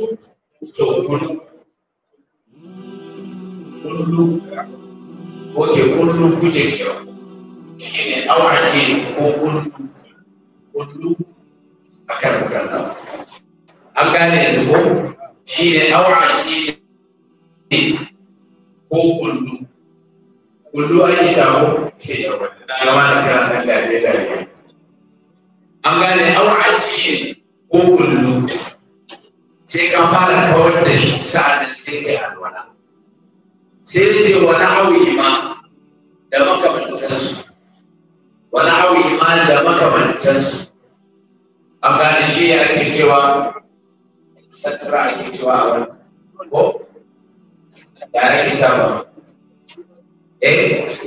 kullu ko ke kullu kuke cewa shi ne aurace ko kullu kullu a kan kallon an gane yanzu ko shi ne aurace ko kullu kullu an yi tabo ke yawa da yawa da kan kan lafiya lafiya an gane aurace ko kullu sai ka fara kawar da shi sa'annan sai yi alwala sai ce wani hawi ma da makamantansu wani hawi ma da makamantansu a gane shi ya ake cewa satura ake cewa a wani ko da ya ita ba eh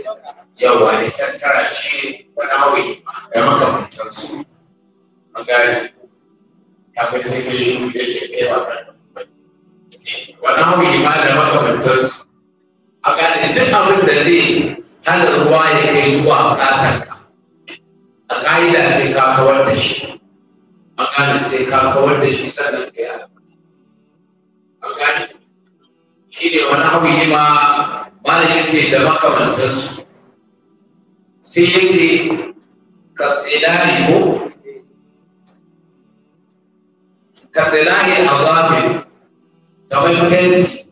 yawa ne satura shi wani hawi ma da makamantansu a gane kaga sai kai shi eh, da ke kai ba wannan abu imani da makamantarsu a gane duk abin da zai hana ruwa ya kai zuwa bukatar ka a ƙa'ida sai ka kawar da shi a gane sai ka kawar da shi sannan kai a a gane shi ne wani abu yi ma malami ce da makamantarsu sai ya ce ka tsilani ko Kapelani Azabi, Dawei Kent,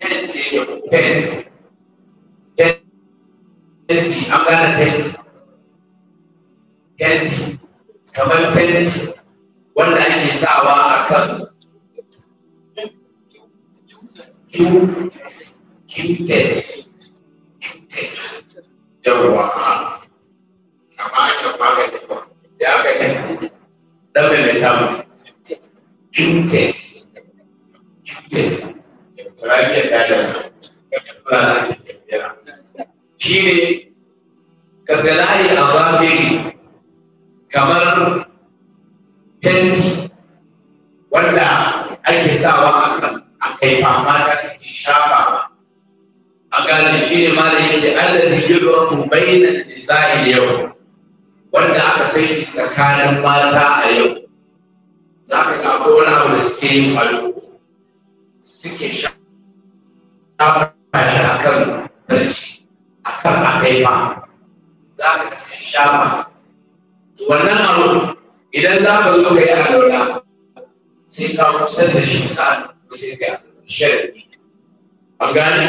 Kent, Kent, Kent, I'm gonna Kent, Kent, kamar Kent, wanda ake sawa a kan Q-test, Q-test, Q-test, yawwa, kama aka magani, ya gani, dan me mai Qtex. Qtex. Demokratiyyar a zafi zafiri kamar fenti wanda ake sawa a kai fama ta suke shafa a gane shi ne mara ya ce allah da yi ruwan bayyana yau wanda aka sai tsakanin mata a yau za ka ga akwai wani abu da suke yin ƙwaro suke shafa shi a kan barci a kan akaifa za ka ga sun shafa wannan abu idan za ka zo ka yi alola sai ka kusa da shi sa'an sai ka sharadi an gane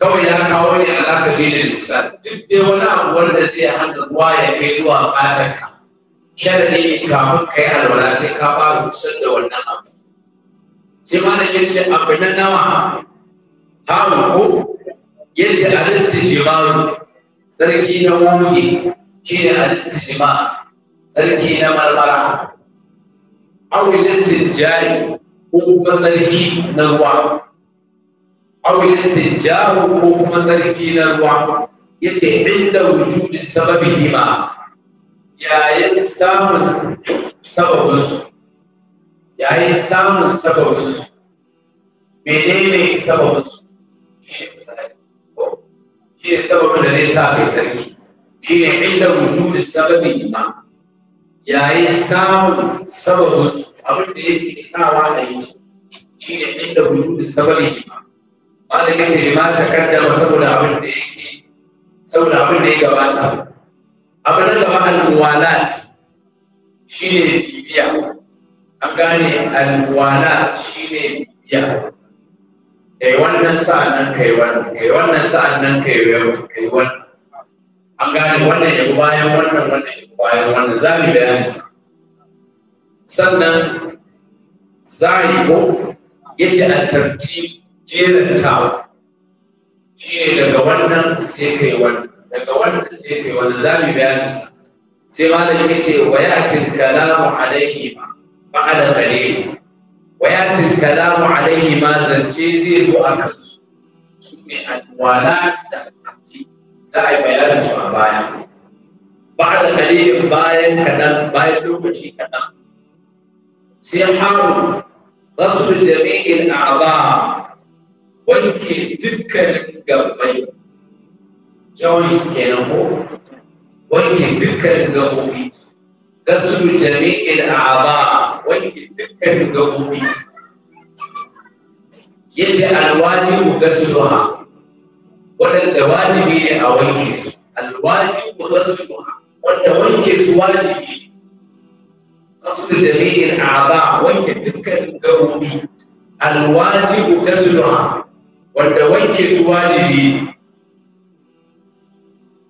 kawai ya kawo ne a nasa bilin misali duk dai wani abu wanda zai hana ruwa ya kai zuwa ka. sharadi ne kafin ka yi alwala sai ka fara busar da wannan abu sai malam ya abu na nawa hamu ko ya ce alistijimaru sarki na wuni shi ne alistijima sarki na marmara awi listinjari ko kuma na ruwa awi listinjaru ko kuma tsarki na ruwa ya ce inda wujudi sababi hima yayin samun sababinsu yayin samun sababinsu ne sababinsu shi ne misali shi ne sababin da zai sa kai tsarki shi ne inda wujudi sababi ma yayin samun sababinsu abin da yake sawa da yi su shi ne inda wujudi sababi ma malam ce ma takaddama saboda abin da yake saboda abin da ya gabata abu na gaba al shi ne bibiya A gane al shi ne bibiya kai wannan nan kai wannan kai wannan nan kai kai wannan an gane wannan ya bayan wannan wannan ya bayan wannan za mu bayani sannan yi ko tarti al-tartib Shi ne daga wannan sai kai wannan daga wanda sai mai wanda za mu bayani sai malam ya ce wa yatin kalamu alaihi ma'ana qalil wa yatin kalamu alaihi ma zance zai zo a kansu su ne alwalat da abdi za a yi bayanin su a baya ba'da qalil bayan kadan bayan lokaci kadan sai haru غسل جميع الأعضاء wanke dukkanin gabbai joints kenan ko wanke dukkanin gabobi gaslu jami'il a'za wanke dukkanin gabobi yace alwajibu gasluha wadanda wajibi ne a wanke su alwajibu gasluha wanda wanke su wajibi gaslu jami'il a'za wanke dukkanin su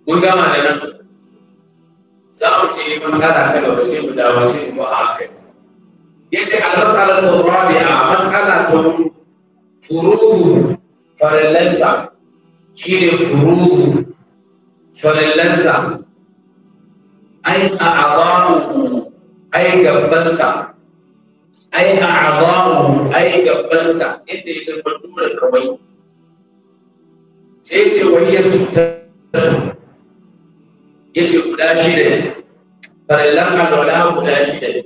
mun gama da nan za mu yi masala ta gaba sai da wasu sai mu a ce a al ta rabi a mas'ala ta furugu furudu Shi ne furugu farallansa ai a abamu ai gabansa ai a abamu ai gabansa inda ya zama dole kawai sai ce wani ya sutatu ya ce guda shida ne farallan alwala guda shida ne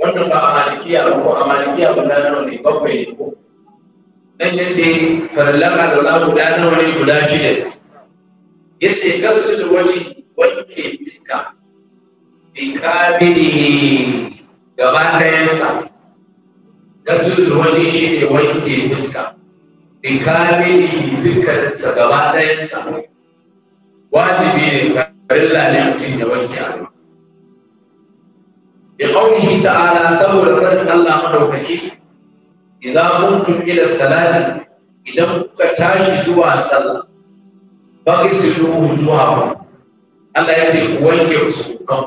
wannan ba a malikiya ba ko a malikiya guda nawa ne bakwai ne ko nan ya ce farallan alwala guda nawa ne guda shida ne ya ce gasu da waje wanke iska bi kabiri gaba ɗayansa gasu da waje shi ne wanke iska bi kamilihi dukkaninsa gaba ɗayansa wajibi ne farilla ne mutum ya wanke hannu bi qawlihi ta'ala saboda farin Allah madaukaki idan kuntum da salati idan kuka tashi zuwa sallah ba ki faqisilu ba, Allah ya ce ku wanke fuskokan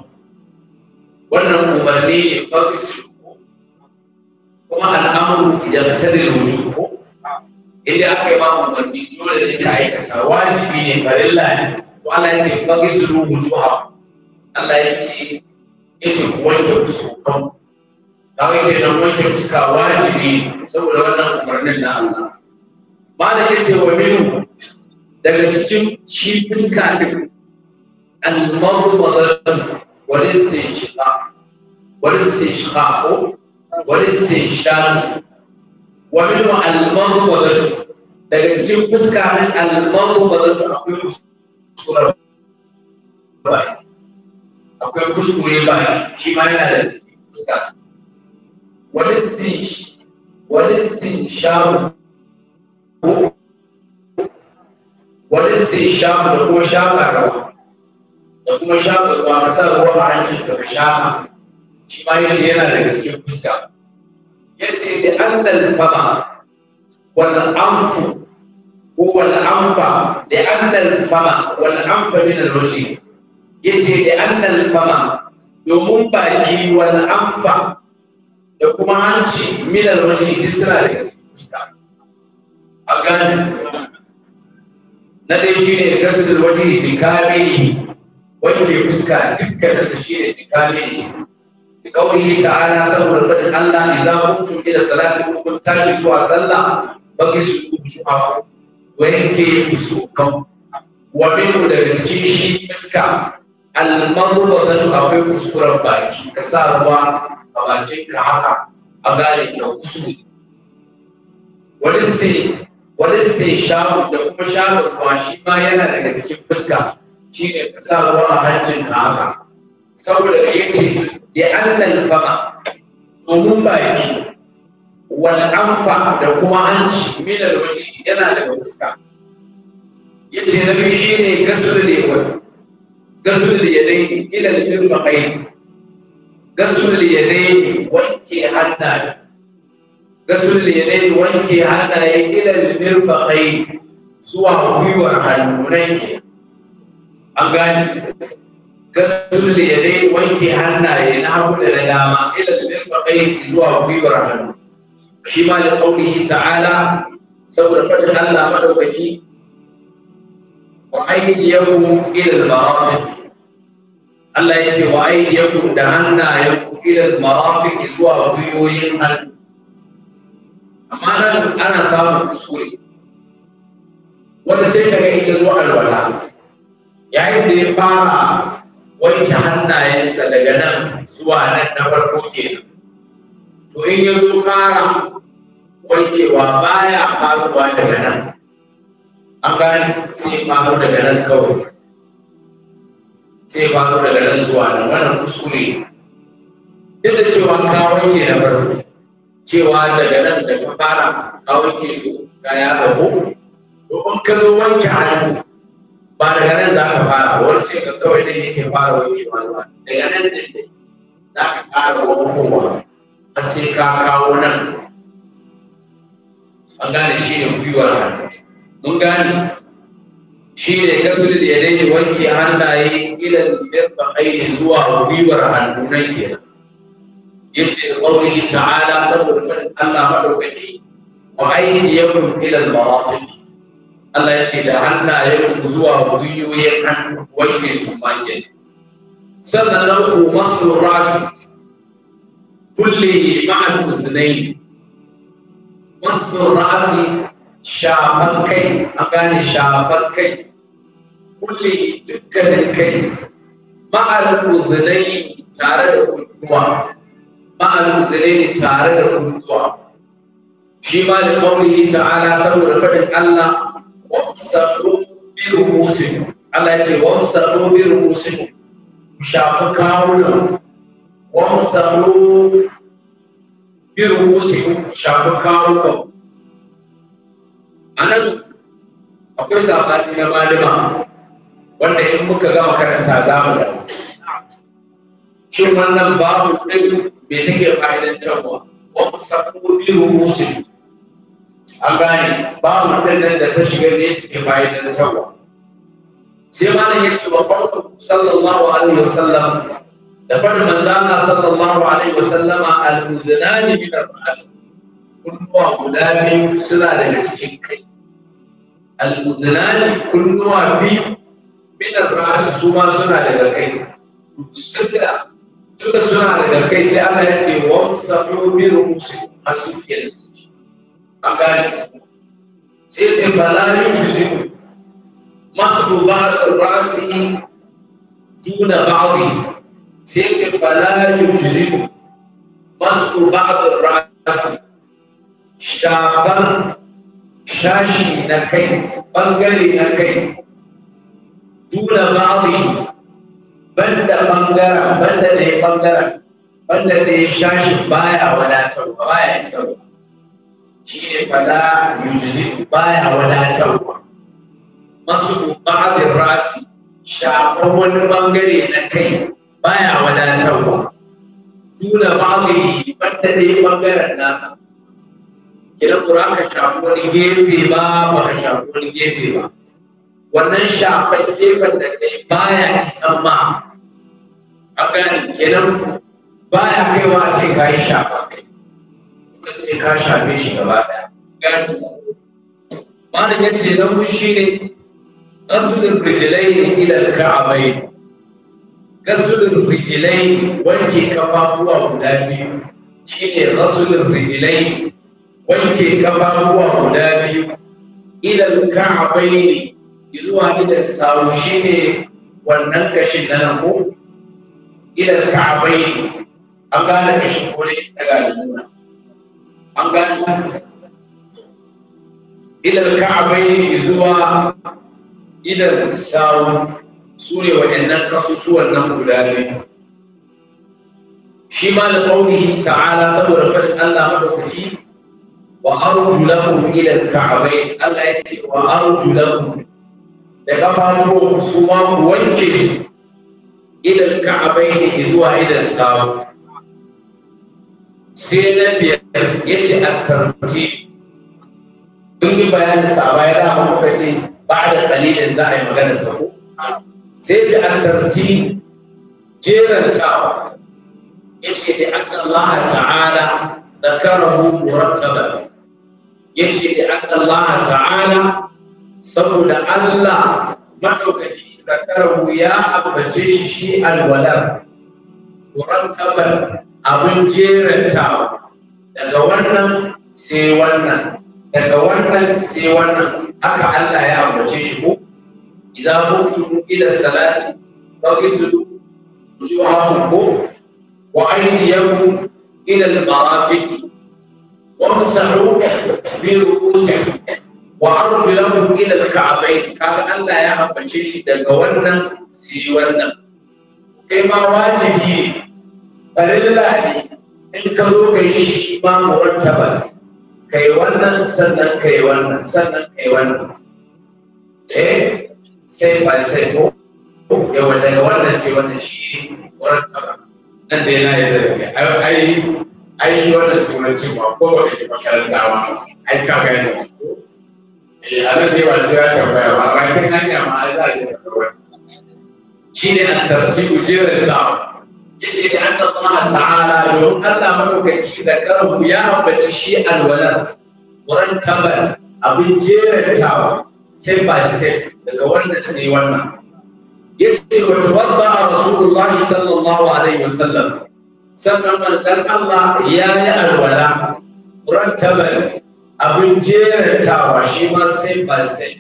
wannan umarni ne faqisilu kuma al'amuru idan ta da ko? idan aka yi ma umarni dole ne da aikata wajibi ne farilla ne wa Allah ya ce fa gisru wujuha Allah ya ce ya ce wanke musu kan kawai ke nan wanke fuska wajibi saboda wannan umarnin na Allah Ba ya ce wa minu daga cikin shi fuska din al-mawmadatu wal istinshaq wal wani wal istinshaq wa minu al-mawmadatu daga cikin fuska din al-mawmadatu akwai akwai kuskure ba shi ma yana da fuska wani stin wani stin shamu wani stin shamu da kuma shafa rawa da kuma shafa ruwa masa ruwa a hancin da shafa shi ma yace yana daga cikin fuska yace da annal fama wal amfu. هو الأنف لأن الفم والأنف من الوجه يجي لأن الفم domin baki wal amfa da kuma hanci milar waje duk da fuska a gani na dai shi ne kasar waje da kamili wanke fuska dukkan su shi ne da kamili da kawai ta'ala saboda faɗin Allah ne za mu salati kun zuwa sallah baki su wanke fuskokan wa minhu daga cikin shi iska al-madhbatu akwai kuskuren baki ka sa ruwa a bakin ka haka a gane ka kuskure wani state shafu da kuma shafu kuma shi ma yana daga cikin fuska shine ka sa ruwa a hancin ka haka saboda ce ya annal fama domin baki wal anfa da kuma hanci min waje yana daga fuska ce na biyu shine gasul yawan gasul yadai ila al irfaqain gasul yadai wanke hannaye gasul yadai wanke hannaye ila al irfaqain zuwa gwiwar hannunai an gani gasul yadai wanke hannaye na hagu da na dama ila al irfaqain zuwa gwiwar hannu shi ma da qaulihi ta'ala saboda faɗin Allah madaukaki wa aydiyakum ila al-marafiq Allah ya ce wa aydiyakum da hannayenku ila al-marafiq zuwa gwiwoyin hannu amma nan ana samun kuskure wanda sai daga inda zuwa alwala yayin da ya fara wanke hannayensa daga nan zuwa nan na farko kenan to in ya zo ƙara wankewa baya faruwa daga nan an gani sai faru daga nan kawai sai faru daga nan zuwa nan wannan kuskure duk da cewa ka wanke na farko cewa da nan da ka fara ka wanke su ga ya abu to an ka zo wanke hannu ba da nan za ka fara wani sai ka kawai dai yake fara wankewa daga nan da za ka ƙara wankowa a sai ka kawo nan an gane shi ne gwiwar hannu mun gane shi ne kasu da ya daidai wanke hannaye ilal mirfa aini zuwa gwiwar hannu nan kenan yace da qawlihi ta'ala saboda kan Allah madaukaki wa aydiyakum ila al-marafiq Allah yace da hannayen ku zuwa gwiwoyin hannu wanke su fage sannan nan ku masu rasi كل معلوم اثنين وصف الرأس شافر كي أغاني شافر كي كل دكان كي مع الأذنين تارد القوة مع الأذنين تارد القوة شما لقوله تعالى سبب رفض الله وامسكوا برؤوسهم الله يقول وامسكوا برؤوسهم شافر كاونا وامسحوا برؤوسكم شافوا كاوكم anan akwai saɓani na malama wanda in muka gama karanta za mu da shin wannan babu ɗin me take fa'idantarwa wata saƙoƙi musu an gane babu ɗin nan da ta shiga ne take fa'idantarwa sai malam ya ce wa farko sallallahu alaihi wasallam لقد منزلنا صلى الله عليه وسلم الأذنان من الرأس كل أولاد على لنسيك الأذنان كل أبي من الرأس سوما سلا لنسيك سلا سلا سلا لنسيك سألنا يسي وم سمعوا برموس أسوك ينسيك أقال سيسي بلاني جزيك مصر بعض الرأس دون بعضه sai ce bala yujizibu masu ba'd rasi shaban shashi na kai bangare na kai dula ba'di banda bangara, banda da ya bangaren banda da ya shashi baya wadatarwa baya isarwa shi ne bala yujizibu baya wadatarwa masu ba'd rasi shaban wani bangare na kai baya wadatarwa dole yi banda ɗaya ɓangaren nasa idan ba ka shafi wani gefe ba ba ka shafi wani gefe ba wannan shafan gefen da kai baya isan ma a gani kenan baya kaiwa ce ka yi shafa kai kuma sai ka shafe shi gaba ɗaya gani malam ya ce na shi ne asulin rijilai ne a ka'abai gasulun rijilai wanke kafafuwa guda biyu shine gasulun rijilai wanke kafafuwa guda biyu idan ka'abai ne zuwa idan sawu shine wannan kashin na nan ko idan ka'abai ne an gane kashi ko ne daga nuna an gane idan ka'abai ne zuwa idan sawu su ne waɗannan ƙasusuwan nan guda biyu shi ma da ƙaunihi ta'ala saboda faɗin Allah madaukaki wa arju lahum ila al-ka'bayn Allah ya ce wa arju lahum da kafafuwan su ma ku wanke su ila al-ka'bayn zuwa ila sawu sai na biyar ya ce at-tartib in yi bayanin sa baya da muka ce ba da kalilin za a yi magana sa ko sai ji an tarti jerantawa ya ce da an Allah ta'ala da karahu murattaba ya ce da an Allah ta'ala saboda Allah maɗaukaki da karahu ya ambace shi alwalar murattaban abin jerantawa daga wannan sai wannan daga wannan sai wannan haka Allah ya ambace shi ko إذا قمتم إلى الصلاة فاغسلوا وجوهكم وأيديكم إلى المرافق وامسحوا برؤوسكم وأرجلكم إلى الكعبين كان الله يا أبا شيشي دقونا سيونا كما واجبي فلله in ka zo ka yi shi shi ma murattaba kai wannan sannan kai wannan sannan kai wannan eh step by step ko yawa daga wannan sai wannan shi ne wurin tara nan da yana yi daga ai ai wannan turanci ba ko ba eh, a nan dai ba sai ya tambaya ba ba kin nan ya ma za a yi da shi ne an tartibu jerin ta yace da annan Allah ta'ala don Allah madaukaki da karanku ya ambaci shi alwala abin لقولنا سيوانا يتي وتوضع رسول الله صلى الله عليه وسلم sannan manzan Allah ya yi alwala ran tabar abin jeratawa shi ma sai ba sai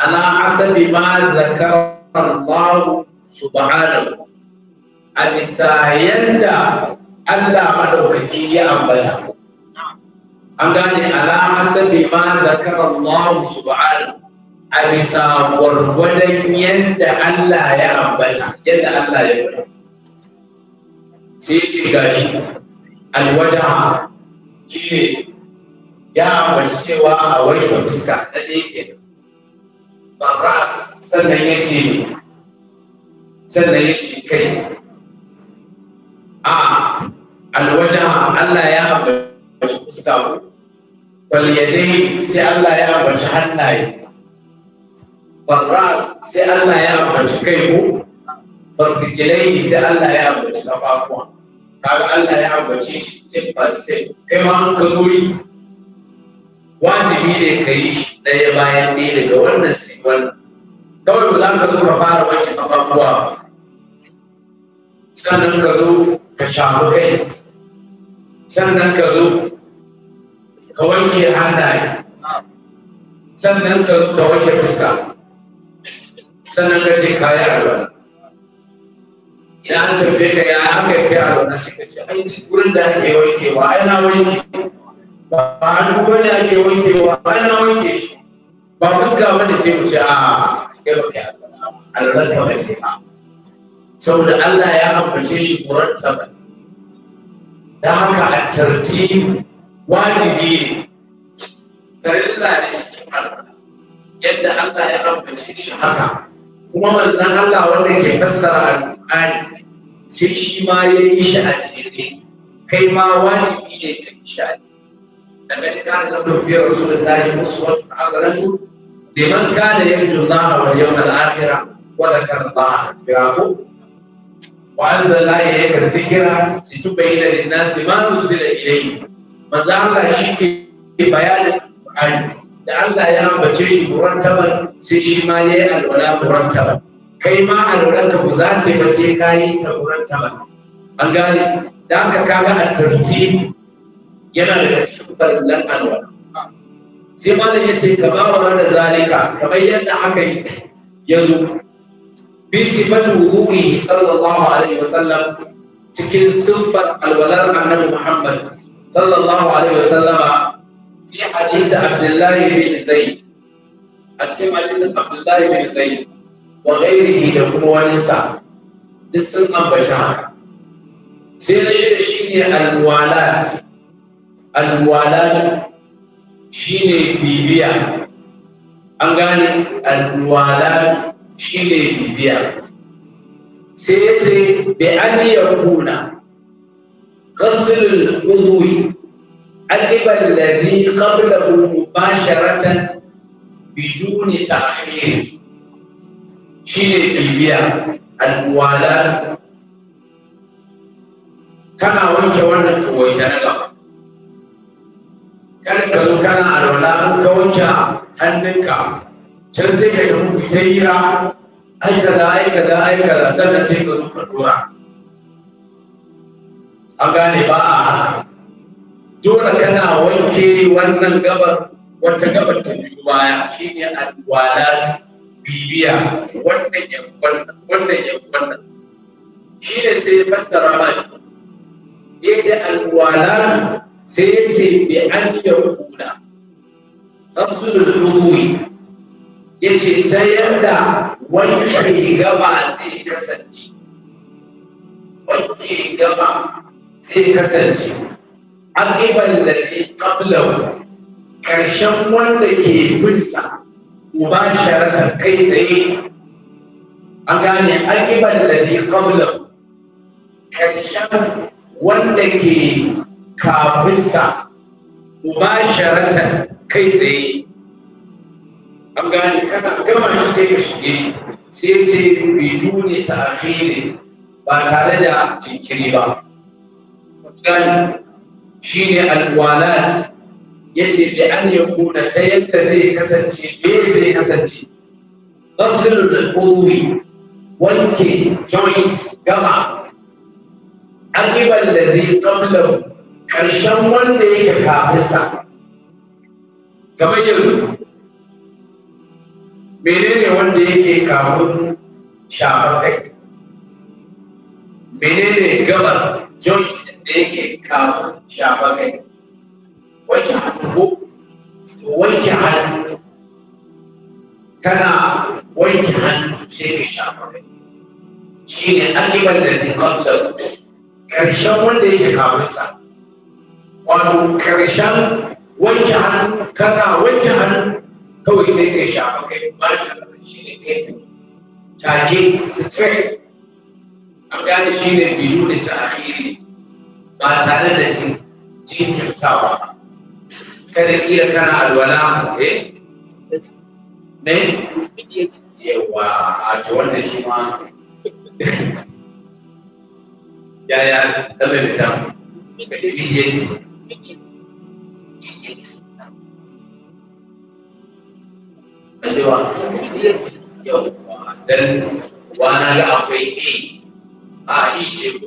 ala asabi ma zakar Allah subhanahu a bisa yadda Allah madaukaki ya ambata an gane ala asabi ma zakar Allah subhanahu a bisa gwargwadon yadda Allah ya ambata yadda Allah ya faɗa sai ce gashi alwada shine ya ambaci cewa a wajen fuska na ɗaya ke ras sannan ya ce sannan ya ce kai a alwaja Allah ya ambaci fuska ko falyadai sai Allah ya ambaci hannaye farras sai Allah ya ambaci kai ko farkijilai sai Allah ya ambaci kafafuwa kaga Allah ya ambace shi step by step kai ma ka zuri wajibi ne ka yi shi ɗaya bayan ɗaya daga wannan sai wannan kawai ba za ka zo ka fara wanke kafafuwa sannan ka zo ka shafi kai sannan ka zo ka wanke hannaye sannan ka zo ka wanke fuska sannan ka ce kayi alwala idan an tambaye ka ya an kai kai alwala sai ka ce ai wurin da ake wankewa ai na wanke ba hannu ba ne ake wankewa ai na wanke shi ba fuska ba ne sai mu ce a kai ba kai alwala ka ba sai a saboda Allah ya ambace shi Qur'an sabbi da haka a tartibu wajibi ne farilla ne cikin alwala yadda Allah ya ambace shi haka kuma manzan Allah wanda ke fassara alƙur'ani sai shi ma ya yi shi a jere kai ma wajibi ne ka yi shi a jere daga ni kan da tafi rasulullahi musuwatu hasanatu liman kana yarju Allah wal yawm al akhir wa ya Allah firahu wa anzala ilayka dhikra litubayyana lin su ma nuzila ilayhim manzo Allah shi ke bayanin alƙur'ani da Allah ya ambace shi murantaban sai shi ma ya yi alwala murantaban kai ma alwalanka ba za ta yi ba sai ka yi ta murantaban an gane da aka kaga a tarti yana daga cikin farillan alwala sai malam yace ka kama wa mana zalika kamar yadda aka yi ya zo bi sifatu wudu'i sallallahu alaihi wasallam cikin siffar alwalar annabi Muhammad sallallahu alaihi wasallama في حديث عبد الله بن زيد أتكلم حديث عبد الله بن زيد وغيره يكون ونساء جسم أنبشان سيدنا شيء الموالاة الموالاة shine bibiya an gane alwala shine bibiya sai ya ce bi an ya kuna rasulul udwi عقب الذي قبله مباشرة بدون تأخير شيل بيبيا الموالاة كما وانت وانا تويتا نقا كان كذو كان الولاء مكا وانت هنكا تنزي كتبو كتيرا أي كذا أي كذا أي كذا سنة سيكو كدورا أغاني بقى dole kana wanke wannan gabar wata gabar ta biyu baya shine alwalat bibiya wannan ya wannan wannan ya wannan shine sai fassara ma shi yace alwalat sai yace bi an yakuna tasdul ya ce ta yadda wanke gaba zai kasance wanke gaba sai kasance aqiban da ke qablahu ƙarshen wanda ke binsa uba sharatan kai tsaye an gane aqiban da ke qablahu ƙarshen wanda ke kafinsa uba sharatan kai tsaye an gane kana gama shi sai ka shige shi sai ce biduni ta'khiri ba tare da jinkiri ba gane shine alwalat yace bi an yakuna ta yadda zai kasance me zai kasance tasirul العضوي wanke joint gama aqiban ladhi qabla karshen wanda yake kafin sa kamar yanzu menene wanda yake kafin shafar kai menene gabar joint da yake kamun shafa kai wajen hannu ko to wajen hannu kana wajen hannu sai ka shafa kai shi ne ɗaliban da ne kwallon karshen wanda yake sa, wato karshen wajen hannu kana wajen hannu kawai sai ka shafa kai ba shi ne kai tage straight an gane shi ne bidu da ta akhiri ba tare da jin jin ba kada iya kana alwala eh ne yawa a to wannan shi ma yaya ɗabe mutum immediate Ajewa, immediate yawa, dan na ga akwai A, A ce ko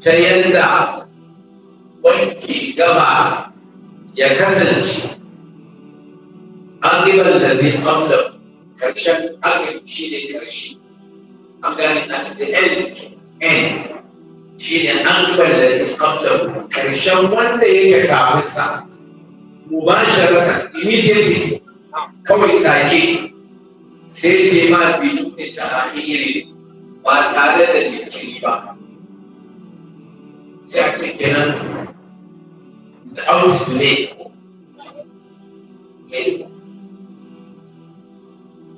ta yadda wanke gaba ya kasance an ribar da zai amla karshen akin shi ne karshe an gani na the end end shi ne an ribar da zai amla karshen wanda yake kafin sa mubasharata immediate kawai take sai ce ma bidu ne ta ba tare da jinkiri ba sai a ce kenan da aus ne ne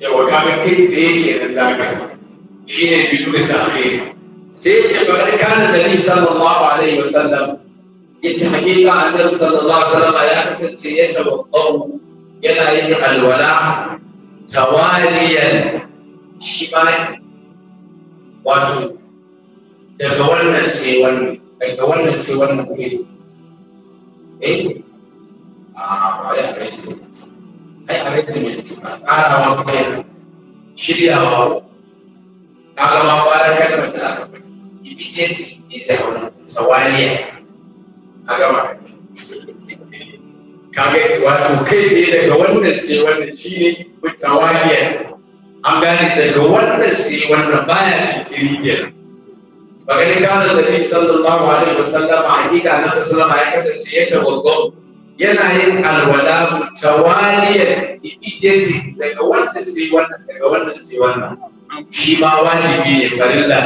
yawa kaga kai tsaye kenan zaka shi ne bidu da ta'khir sai ce bakar kana da ni sallallahu alaihi wasallam yace hakika annabi sallallahu alaihi wasallam ya kasance ya tawaddau yana yin alwala tawaliyan shi ma wato daga wannan sai wannan daga wannan sai wannan kuma eh a ah, wani arrangement ai arrangement a tsara maka yana shiryawa na gama bayan kalmar da aka faɗi efficiency is a tsawaniya a gama kaga wato kai tsaye daga wannan sai wannan shine tsawaniya an gane daga wannan sai wannan baya cikin kenan فكان كان النبي صلى الله عليه وسلم عندك أن صلى الله عليه وسلم يتوضأ yana yin alwala tawaliyar ibijeti daga wannan sai wannan daga wannan sai wannan shi ma wajibi ne farilla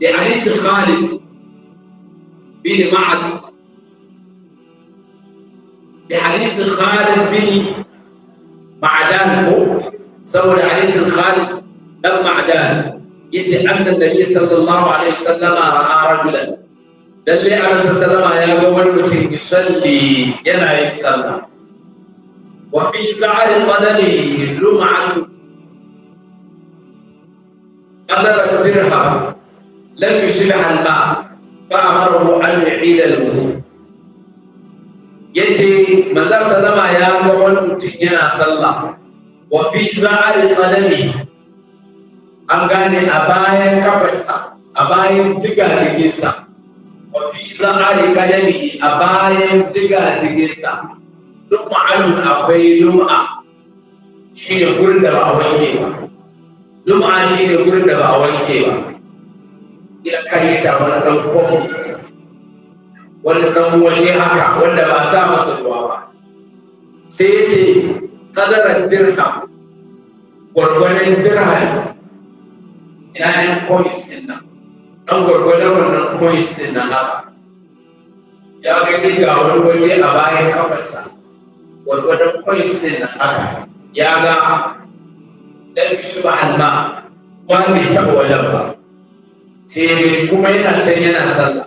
da anisi khalid bin ma'ad da anisi khalid bin ma'adan ko saboda anisi khalid dan ma'adan yace annan nabi sallallahu alaihi wasallama ra'a rajulan lalle annabi sallama ya ga wani mutum yusalli yana yin sallah wa fi sa'ar qalali lum'atu qadara dirham lam yushbih al ba fa amarahu an yu'ida al-wudu yace manzo sallama ya ga wani mutum yana sallah wa fi sa'ar qalali an gane a bayan kafarsa a bayan diga-diginsa, fi ari kadami a bayan duk ma'ajin akwai lum'a shi ne gurda ba wanke ba lum'a shi ne gurda da ba a wanke ba ya kai ta wani ɗan kofi wani ɗan waje haka wanda ba sa masa ruwa ba sai ya ce kadarar dirham gwargwanin dirham 'ya'yan coins ɗin nan an gwargwadon wannan coins ɗin nan haka ya ga ga wani waje a bayan kafarsa gwargwadon coins ɗin nan haka ya ga ɗan bisu ba alma ba mai taɓa wajen ba sai kuma yana can yana sallah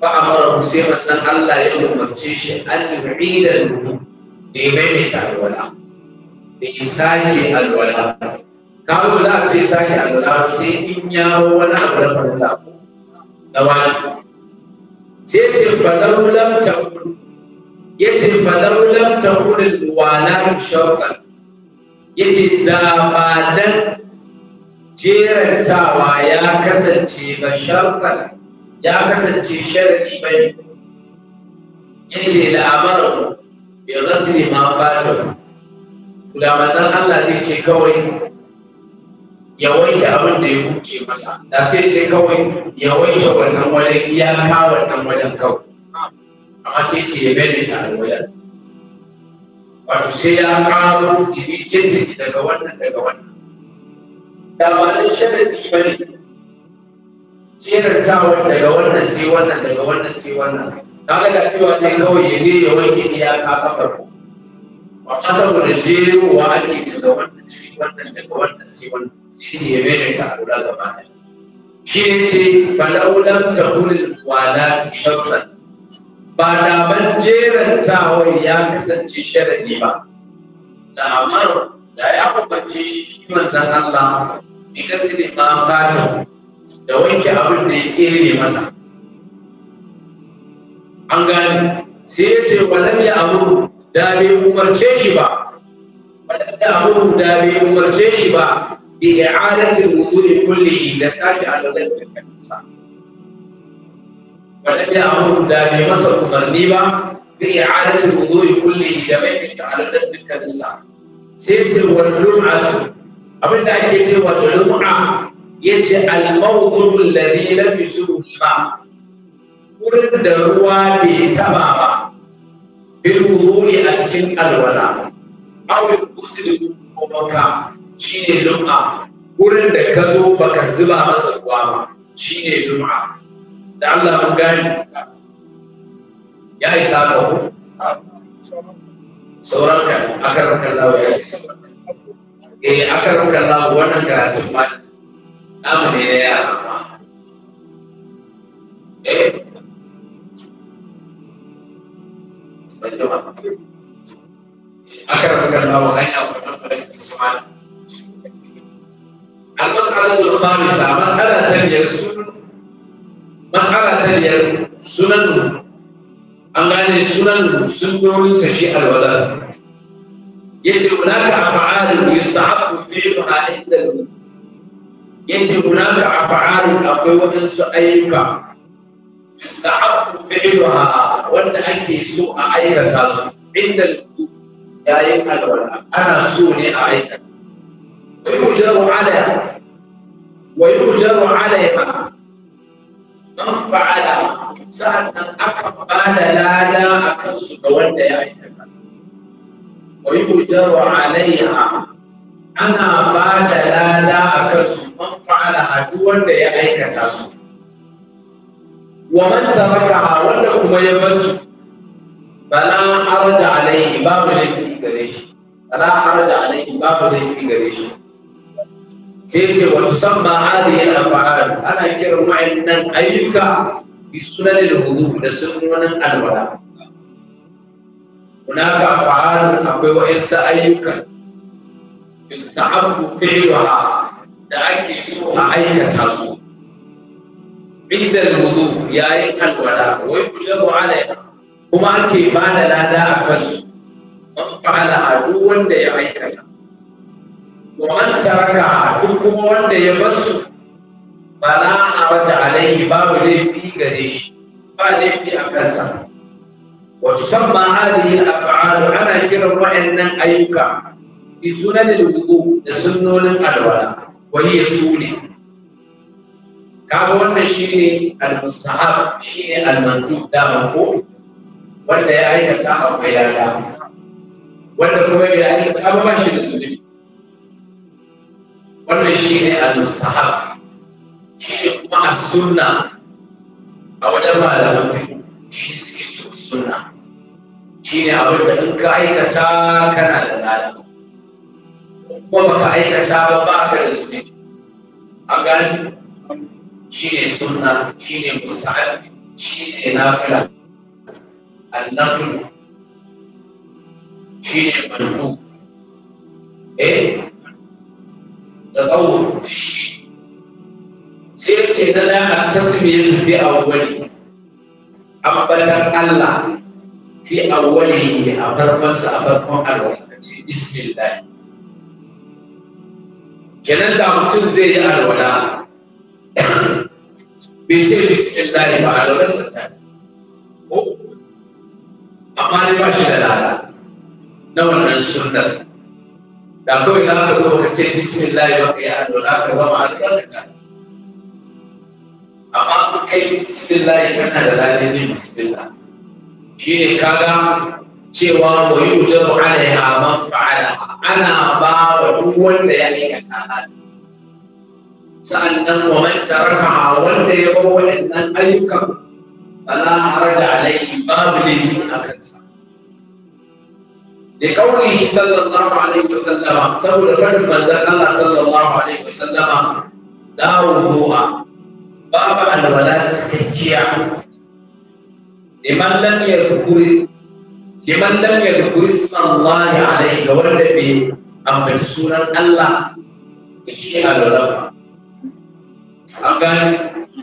ba a mara yi matsan Allah ya umarce shi an yi da ya taɓa wala da isa alwala kawo za a ce sake a sai in ya wani abu na lam takun ya ce lam takun wala shauƙan ya ba jerantawa ya kasance ba shauƙan ya kasance sharadi ba ne ya rasu ne Allah zai ce kawai ya abin da ya buke masa da sai sai kawai ya wanke wannan wajen iyaka wannan wajen kawai amma sai ce ya bai ta alwaya wato sai ya karo ibi kesi daga wannan daga wannan da ba shirin sharadi ba ne wani daga wannan sai wannan daga wannan sai wannan na ga cewa dai kawai ya je ya wanke iyaka kafarku saboda jerowa ake daga wannan shi wannan daga wannan sai wannan sai ce ya mai ta aula gaba da shi ne ce falaulan tahulil wala shafran ba da ban jerantawar ya kasance sharadi ba da amma da ya kubance shi shi manzan Allah bi kasri ma da wanke abin da ya kere masa sai ya ce da bai umarce shi ba wadda abu da bai umarce shi ba bi i'adatil wudu'i kulli da sake alwalar da kansa wadda abu da bai masa umarni ba bi i'adatil wudu'i kulli da bai ta alwalar da kansa sai ce wal lum'atu abinda ake cewa da lum'a yace al-mawdu'u alladhi lam yusuhu ma wurin da ruwa bai taba ba bilwudu'i a cikin alwala aw al-ghusl ko wanka shine lum'a gurin da ka zo baka zuba masa ruwa ba shine lum'a da Allah mun gani ya isa ka ku sauran ka akar ka Allah ya ce eh akar ka Allah wannan karatun ma amma ne ya eh agar agar bahwa hanya orang yang semangat. Al-Mas'alah Zulqah Misa, Mas'alah Jariyah Sunan Mas'alah Jariyah Sunan Angani Sunan Sunduri Sashi Al-Walad Yajib Naka Afa'al Yusta'abu Fi'iqa Inda Yajib Naka Afa'al Aqiwa Insu Ayyuka da abu fi'luha wanda ake so a aikata su inda yayin alwala ana so ne a aikata wa yujaru alaiha wa yujaru alaiha man fa'ala sa'annan aka da lada a kansu ga wanda ya aikata wa yujaru alaiha ana ba da lada a kansu, man fa'ala a duk wanda ya aikata su wa man tarakaha wanda kuma ya basu bala arja alaihi babu laifi gare shi bala arja alaihi babu laifi gare shi sai ce wa tusamma hadhihi al-af'al ana kiran wa'annan ayyuka bi sunanil wudu da sunnonin alwala hunaka af'al akwai wa'ansu ayyukan yusta'abu fi'luha da ake so a aikata su inda wudu yayin alwala wai yujabu alaiha kuma ake ba da lada a kansu man fa'ala a wanda ya aikata wa man duk kuma wanda ya basu bala a wata alaihi babu laifi gare shi ba laifi a kansa wa tusamma hadhihi al-af'al ana kiran wa'annan ayyuka bi sunanil da sunnonin alwala wa ya sune. kaga wannan shine al-mustahab shine al-mandub dama ko wanda ya aikata abu ya da wanda kuma ya aikata abu ba shi da su ne? wannan shi ne al shi ne kuma as-sunna a wajen malaman fiqh shi suke ce sunna ne abin da in ka aikata kana da lada kuma baka aikata ba ba ka da su ne? a gani shi ne sunna shi ne musta'ad shi ne nafila annafil shi ne mandu eh tatawur shi sai ce na da tasmiyatu a awwali ambatan Allah fi a ne a farkonsa a farkon alwalakaci bismillah kenan da mutum zai yi alwala بتلبس الله على راسك أما اللي ماشي للعالم نوع من السنة لأنه إلا أنه هو كتير بسم الله وقيا أنه لا أكبر ما أعرف لك أما كي بسم الله كان للعالم بسم الله كي كلا كي وام ويوجب عليها من فعلها أنا با وقوة ليالي كتالي sa'annan wa man taraka wanda ya bar waɗannan ayyukan fala harja alaihi babu laifi a kansa da kaurihi sallallahu alaihi wasallama saboda faɗin manzon Allah sallallahu alaihi wasallama la wudu'a babu alwala cikakkiya liman lam yadhkuri liman lam yadhkuri sallallahu alaihi wanda bai ambaci sunan Allah shi alwala ba an gani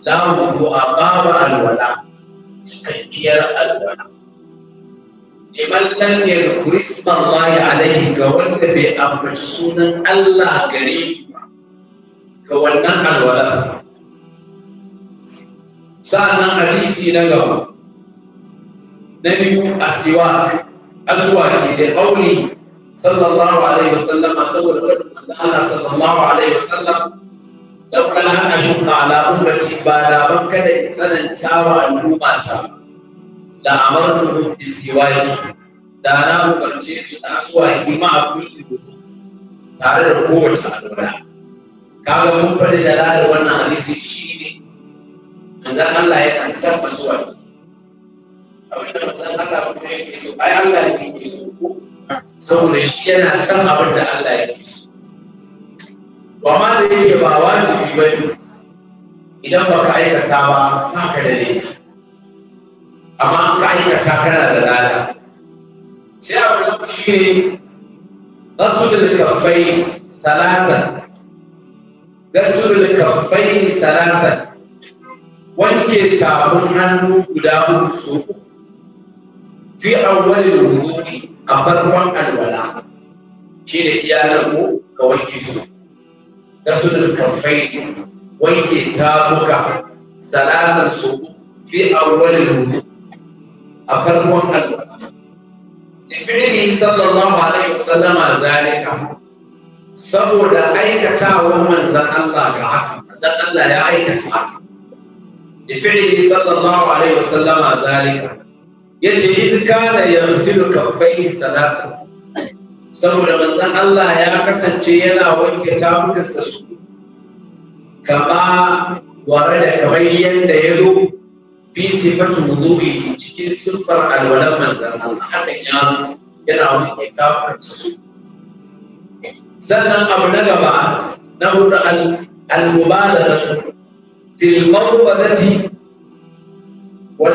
lamu du'a babu alwala cikakkiyar alwala liman lam yadhkur isma Allah alayhi ga wanda bai ambaci sunan Allah gare ba ga wannan alwala sa'annan hadisi na gaba na biyu asiwa aswaki da qauli sallallahu alaihi wasallam saboda kada manzo Allah sallallahu alaihi wasallam لو كان أشق على أمتي بعد من كان إنسانا تاوى الأمة لأمرتهم بالسواك دانا a kulli tare da kowace alwala mun fadi da wannan hadisi Allah ya Allah ya ke so ai Allah so saboda shi yana san abin da Allah ya ke so ba ma da yake ba wajibi ba ne idan ba ka aikata ba ba ka da laifi amma ka aikata kana da lada sai abu shi ne غسل الكفين ثلاثا غسل الكفين Salasan, wanke tafin hannu guda uku so uku fi awwalil wuduri a farkon alwala shi ne iyalan mu ka wanke su غسل الكفين wanke buga salasan su fi awwalil wudu a farkon alwala li fi'li sallallahu alaihi wasallama zalika saboda aikatawar manzon Allah ga haka manzon Allah ya aikata haka li fi'li sallallahu alaihi wasallama zalika yace idh kana yansilu kaffaihi saboda manzon Allah ya kasance yana wanke tafukansa su kama ware da kamar yadda ya zo fi sifatu wudu'i cikin siffar alwalar manzon Allah hakan ya yana wanke tafukansa su sannan abu na gaba na hudu al-mubalaratu fil mawbadati wal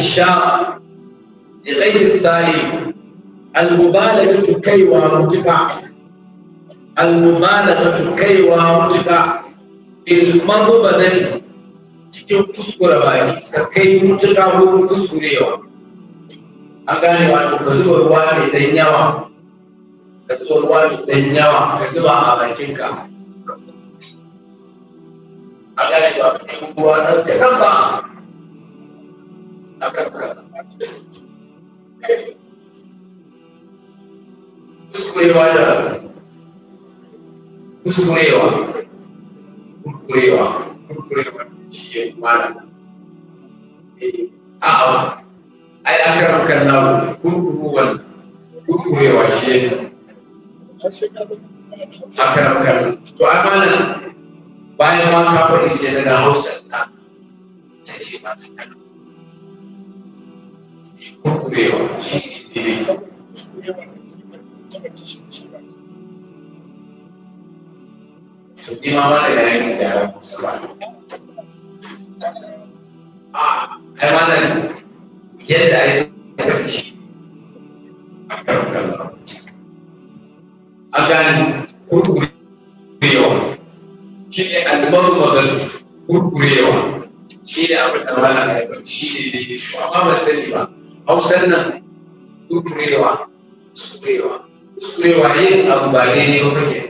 sha li ghayri sa'i almubalagatu kaiwa mutuka almubalagatu kaiwa mutuka bil madhbanati cikin kuskure baki ka kai mutuka wurin kuskurewa A gane wato ka zuba ruwa mai dan yawa ka zuba ruwa mai dan yawa ka zuba a bakin ka an gane wato ruwa dan kadan ba a kan ka kuskurewa da kuskurewa kurkurewa eh, kurkurewa shi ya mana a'a ai an kama kan nawo kurkuruwan kurkurewa shi ya a kama kan to ai mana bayan ma ka faɗi na da hausar ta ta ce ba ta kan kurkurewa shi ne 这个知识是一个。手机妈妈的人应该不是吧？啊，台湾的现在对不起，啊，不要不要不要，啊，干苦苦的哟，现在俺们我们苦苦的哟。shi ne abin da ba na haifar shi ne ne amma ban sani ba hausar nan kurewa kurewa riwayat Abu Bakar ini bekerja.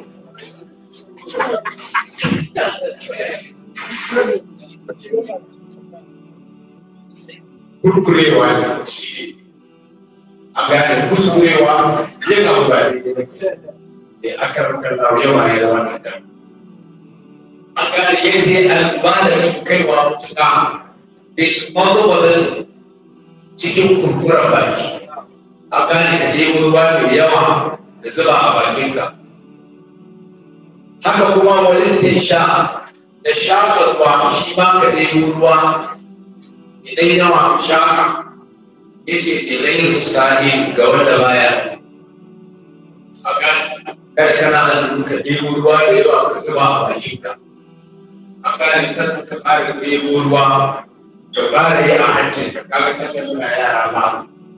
Kukurewa akan kalau di modu badan cium kurang a gane ka je ruwa da yawa da zuba a bakinka haka kuma walistin sha da shafa kwa shi ba ka ɗebo ruwa idan yawa shaka ya ce ilayin sani ga wanda baya a gane kai kana da azumi ka ɗebo ruwa da yawa ka zuba a bakinka a gane sannan ka ƙara ɗebo ruwa ka fara yi a hancin ka kaga sannan yana yara ba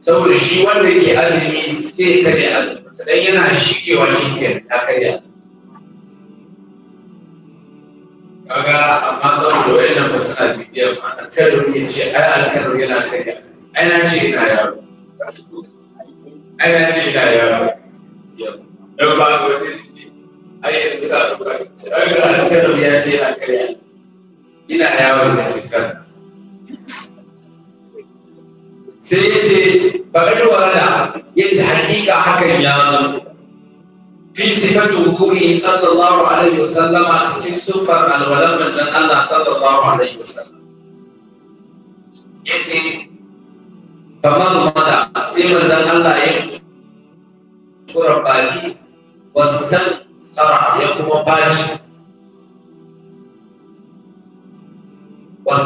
saboda shi wanda ke azumi sai ka da azumi sadan yana shigewa shi ke na karya azumi kaga amma saboda wayannan ba suna bibiyar ma an kada muke ce ai alkano yana karya ai na ce ina yaro ai na ce ina yaro Yau ba ga wasu su ce ai yanzu sa ai ga alkano ya ce yana karya ina yaro na ce sana sai ya ce ba bakar warada ya ce hakika hakan ya zo fi sifatu hukumi sallallahu alaihi wasallam a cikin sufar alwalan manzon Allah sallallahu alaihi wasallam ya ce kamar mada sai manzon Allah ya tura baki wasu tan tsara ya kuma bashi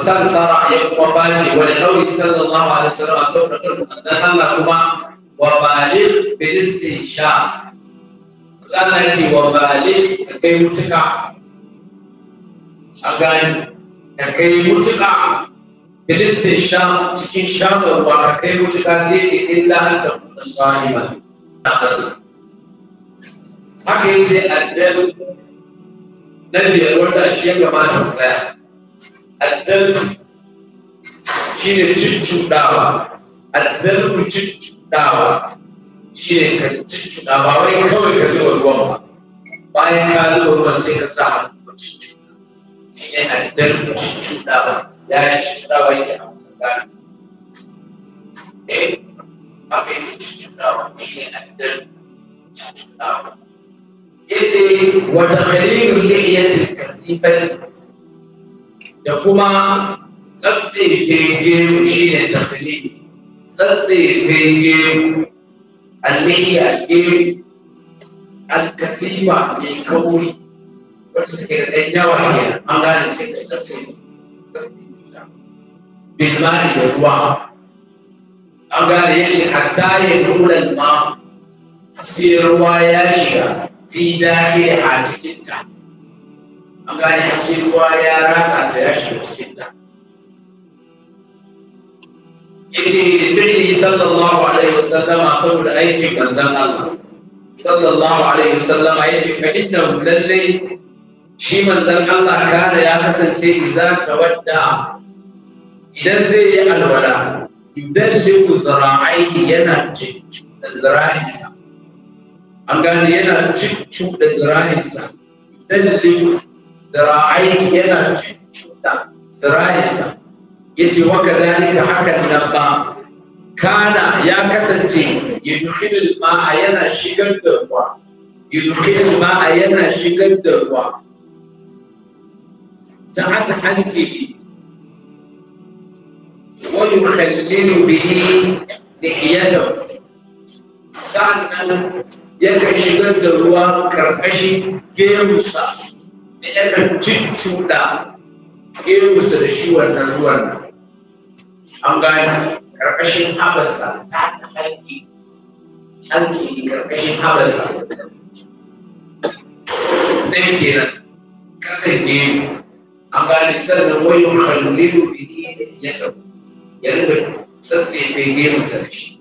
استنثر يقوم باتي ولقوله صلى الله عليه وسلم سوف تكون أنزل لكما وبالغ بالاستنشاق sannan ce wa bale ka kai mutuka a gani ka kai mutuka filistin sham cikin shamun ba ka kai mutuka sai ce illa hanta kuma sani ba na haka yi sai na biyar wanda shi ya kamata mu tsaya addal shi ne cuccuɗawa addal cuccuɗawa shi ne ka cuccuɗa ba wai kawai ka zuba ruwan ba bayan ka zuba ruwan sai ka sa hannu ka cuccuɗa shi ne addal cuccuɗawa ya yi cuccuɗawa yake a musu gani eh haka yake cuccuɗawa shi ne addal cuccuɗawa ya ce wata kalilin lihiyatin kasifati da kuma tsatsefe gero shi ne tafili tsatsefe gero alliya gero alkasima mai kauri wacce suke da ɗan yawa ne an gane sai da tsatsefe bilmani da ruwa an gane ya ce hatta ya nuna ma sai ruwa ya shiga fi dahi a cikinta an gane sai ya rata ta ya shiga cikin ta Ya fi'li sallallahu alaihi wasallama saboda aikin Allah sallallahu alaihi wasallama yace fa innahu lallai shi manzon Allah kana ya kasance zata tawadda idan zai yi alwala yudalliku zira'ai yana da zira'insa an yana da zira'insa yudalliku ذراعي هنا سرايسا يجي وكذلك حكى النبا كان يا كسنتي يدخل الماء ينا شيكن دوا يدخل الماء ينا شيكن دوا تعت حنكه ويخلل به لحيته سعدنا يكشف الدروا كربشي جيروسا da yakan cuccuɗa gemunsa da shi wannan ruwan nan an gane ƙarƙashin habarsa ta ta hanki hanki ƙarƙashin habarsa ɗaya kenan ƙasar ne an gane sannan wani hallilu bihi ya tabu ya rinka tsatsefe gemunsa da shi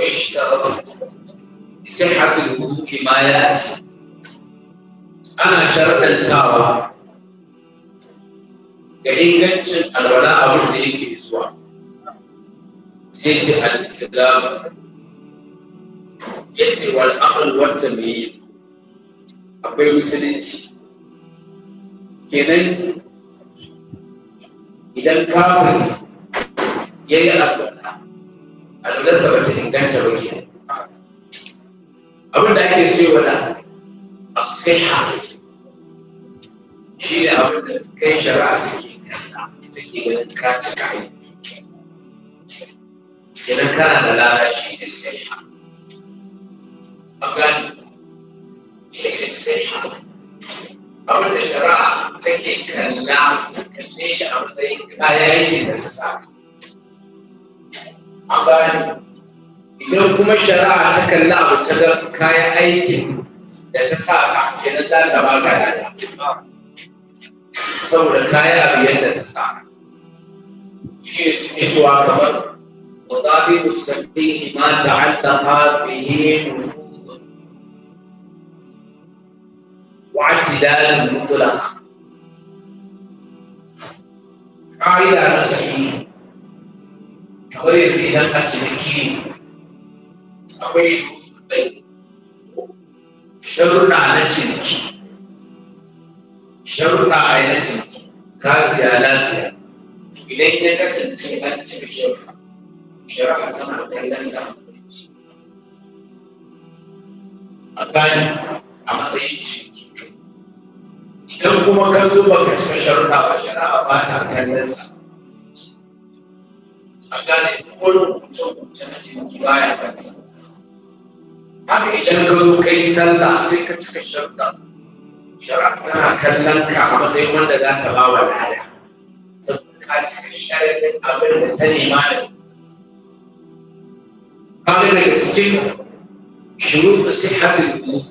ويشترط لصحة الوضوء ما يأتي أنا شرطا تاوى كإنجنشن الولاء والديك بسوى سيتي الإسلام يتي والأقل والتمييز akwai musulunci kenan idan kafin ya yi abu alwalarsa ba ta inganta ba ke abin da ake cewa da asiha shi ne abin da kai shari'a take kalla take ganin ka cika yi idan kana da lada shi ne siha abin shi ne siha abin da shari'a take kalla kalle shi a matsayin kayan da ta samu a bani idan kuma shari'a ta kalli abu ta ga kayan aikin da ta sa ka kenan za ta ba ka lada saboda kayan abu yadda ta sa shi ne suke cewa kamar وضابط السفيه ما تعلق به نفوذ واعتدال مطلق قاعدة صحيحة akwai yanzu idan a ciniki ne akwai shuɗai sharuɗa na ciniki sharuɗa a yi na ciniki ka siya lasiya idan ya kasance an cika sharuɗa shari'a tana kallon sa a gani a matsayin ciniki idan kuma ka zo baka cika sharuɗa ba shari'a ba ta kallon sa a gane duk wani mutum mutum kibaya ba haka idan ka zo kai sallah sai ka cika sharuɗa shari'a tana kallon ka a matsayin wanda za ta ba wa lada saboda ka cika sharaɗin abin da ta nema da kaga daga cikin shuruɗa sihhatul wudu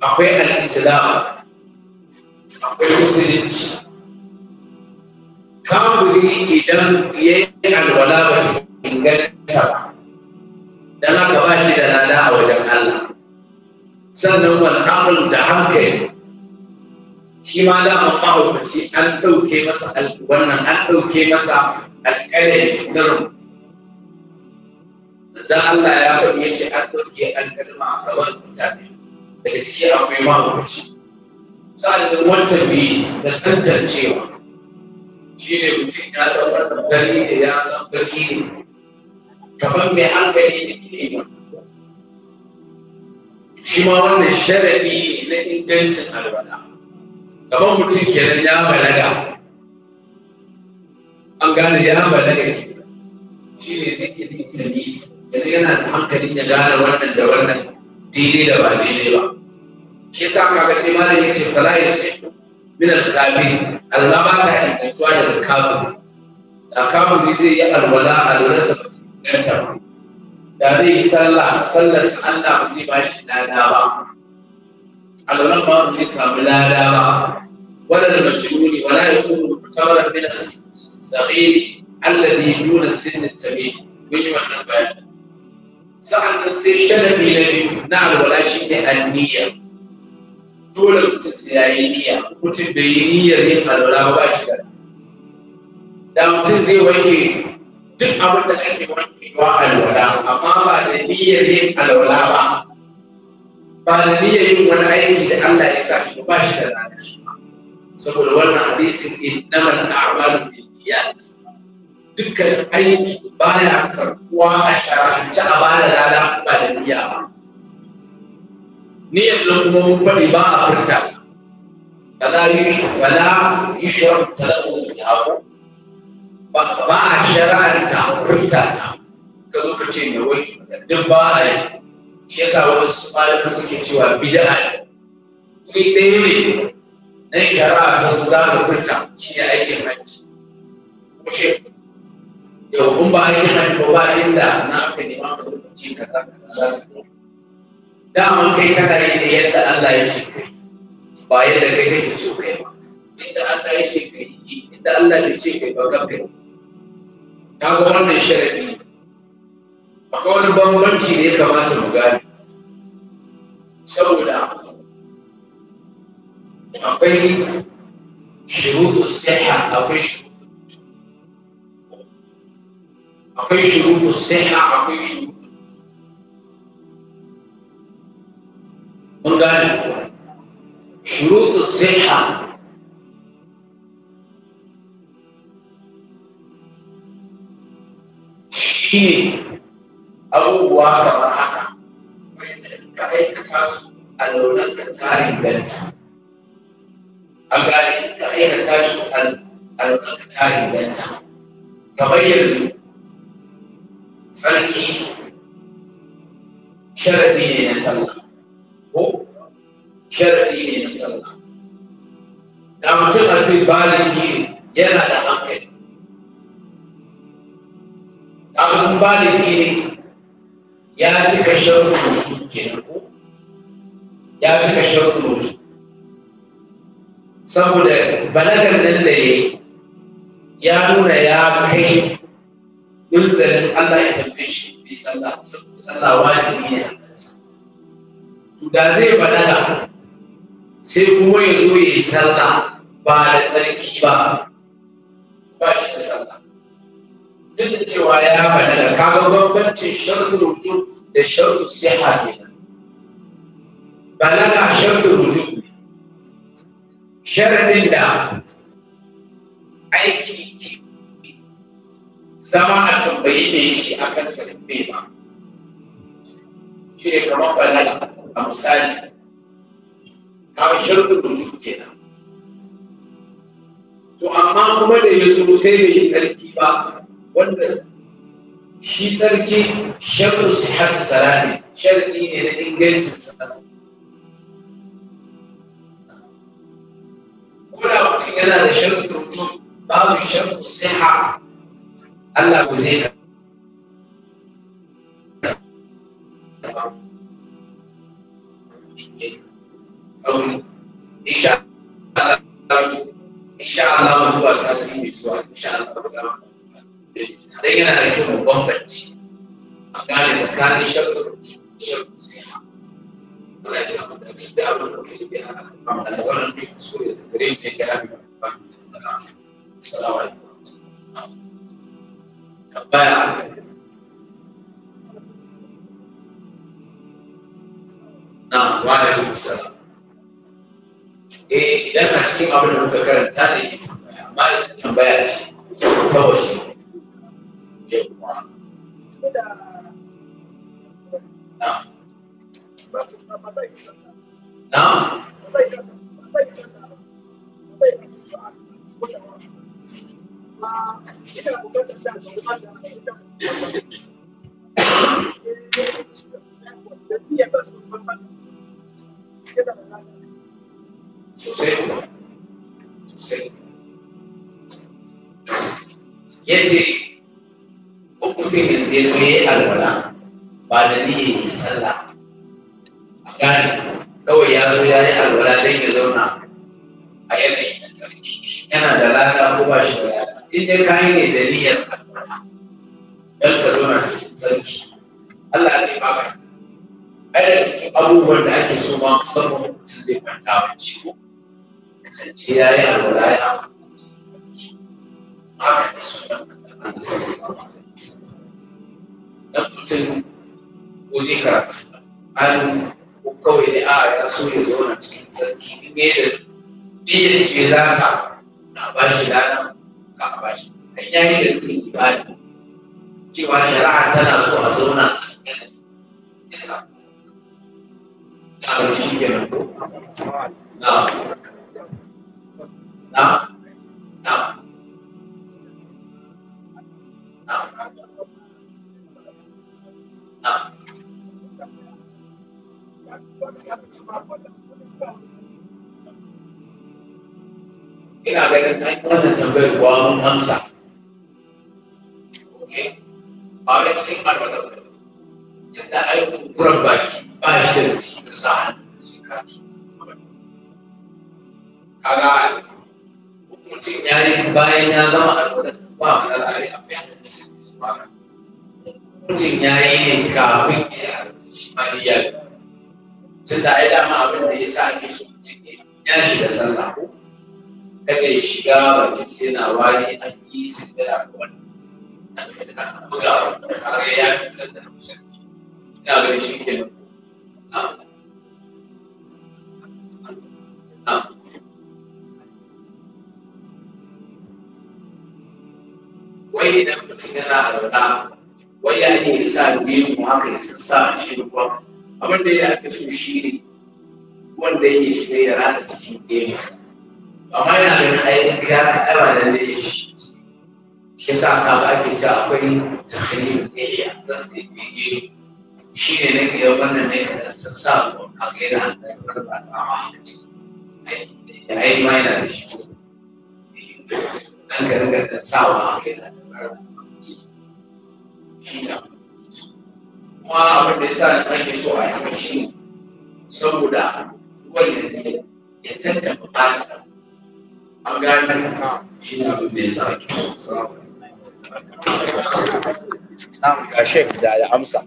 akwai al-islam akwai musulunci kafiri idan ya yi alwala ba su inganta ba dan haka ba shi da lada a wajen Allah sannan wal aql da hankali shi ma da an mahaukaci an ɗauke masa wannan an ɗauke masa alƙalin fitar za Allah ya faɗi yace an ɗauke kalma a gaban mutane daga ciki akwai mahaukaci sa'an wancan biyu da tantancewa shi ne mutum ya san wannan gari ne ya san baki ne kamar mai hankali da ke yi shi ma wannan sharaɗi ne na ingancin albada kamar mutum kenan ya balaga an gane ya balaga shi ne zai iya yin tamis kenan yana da hankali ya gane wannan da wannan daidai da ba daidai ba shi sa kaga sai malami ya ce ya ce min al-kafirin Allah ba ta ingantuwa daga kafiri da kafiri zai yi alwala alwalarsa ba ta inganta da zai yi sallah sallar sa Allah ba zai ba shi lada ba alwalan ba zai samu lada ba wannan ne wala yakunu mutawara min as-saghir alladhi duna sin at-tamim mun yi wannan bayani sa'an sai sharadi na biyu na alwala shi ne an niyyar. dole mutum sai ya yi niyya mutum bai yi niyyar yin alwala ba shi da da mutum zai wanke duk abin da ake wankewa alwala amma ba da niyyar yin alwala ba ba da niyyar yin wani aiki da Allah ya sa shi ba shi da rana shi saboda wannan hadisin innamal a'malu binniyat dukkan aiki baya karkuwa a shar'ance a bada rana ba da niyya ba Ni nan kuma mun faɗi ba a furta wala wala yushar talafu ba a shara'anta furta ta ka zo ka ce mai wai duk ba a yi shi yasa wasu malamin suke cewa bid'a ne ni ɗaya ne nan shari'a ta yau kun ba ba inda na aka neman ka lokaci ka daman kai kana yi da yadda Allah ya ce kai ba yadda kai ce so kai ba inda Allah ya ce kai inda Allah ya ce kai ba ka kai Ta ga wannan sharadi akwai wani bambanci ne ya kamata mu gani. saboda akwai shirutu siha akwai shirutu. akwai shirutu siha akwai shirutu. من قال شروط الصحة شيني أبو واقع حقا كأيك تاسو ألونا كتاري بنت أقالي كأيك تاسو بنت تبين فلكي شربي نسلك ko sharaɗi ne na sallah da mutum a ce baligi yana da hankali abin baligi ne ya cika sharadi mutum kenan ko ya cika sharadi mutum saboda balagar nan da ya ya nuna ya kai munzarin Allah ya tambaye shi bi sallah sallah wajibi ne a kansa da zai badala sai kuma ya zo ya yi sallah ba da tsarki ba ba shi da sallah duk da cewa ya badala ga bambancin sharɗin rujun da sharɗin siha nan balaga sharɗin rujun sharɗin da aiki ke zama a tambayi mai shi a kan sarfe ba shi ne kamar balaga a misali kawai sharuɗin kenan to amma kuma da ya zo sai bai yi tsarki ba wanda shi tsarki sharuɗin sihar salati sharaɗi ne na ingancin salati kuna mutum yana da sharuɗin mutum babu sharuɗin siha Allah ku zai ka insha Allah zuwa sati mai zuwa insha Allah za mu sai yana da kyau mu a gane tsakanin shakar shakar siya Allah ya samu da shi da abin da ke da amma da eh idan na cikin abin da muka karanta ne amma tambaya ce kawai shi ne ba ba mutum zai kwanta wa ciwo kasance ya yi alwala ya haka ne sunan matsalar da zai dan mutum ko zai karatu ko kawai ne a ya so ya zauna cikin tsarki in ya ce za ta na ba shi lana ka ba shi an yayi da dukkan ibada cewa shari'a tana so a zauna cikin yanayin na shi ke nan ko na na na na ina ganin an wannan tambayar kuwa amsa okay ba wani cikin marmata ba tun kaga mutum ya yi bayan ya zama alƙudan ba a da a yi ya mutum ya yi ne kafin ya shi ma ni ya yi tun da ai dama abin sa ake so mutum ya ya shiga sallah ko kada ya shiga bakin na wari a yi sindira ko ya wai idan mutum yana alwala wai ya yi sa biyu mu haka ya sassa a cikin ruwa abin da ya ake so shi ne wanda ya shiga ya rasa cikin ɗaya amma yana da ayyukan ya kaɗara da ne shi shi sa ka ba ake ce akwai tahalil ɗaya eh, zan sai bege shi ne na ke wannan ne ka sassa ruwa a gaira da ba sama العين ما ينعش أنك لك تساوى كده kuma abin da ya sa da nake so a yi shi saboda wannan ya tattaba bata an gane shi ne abin da ya sa ake so ga shek da ya amsa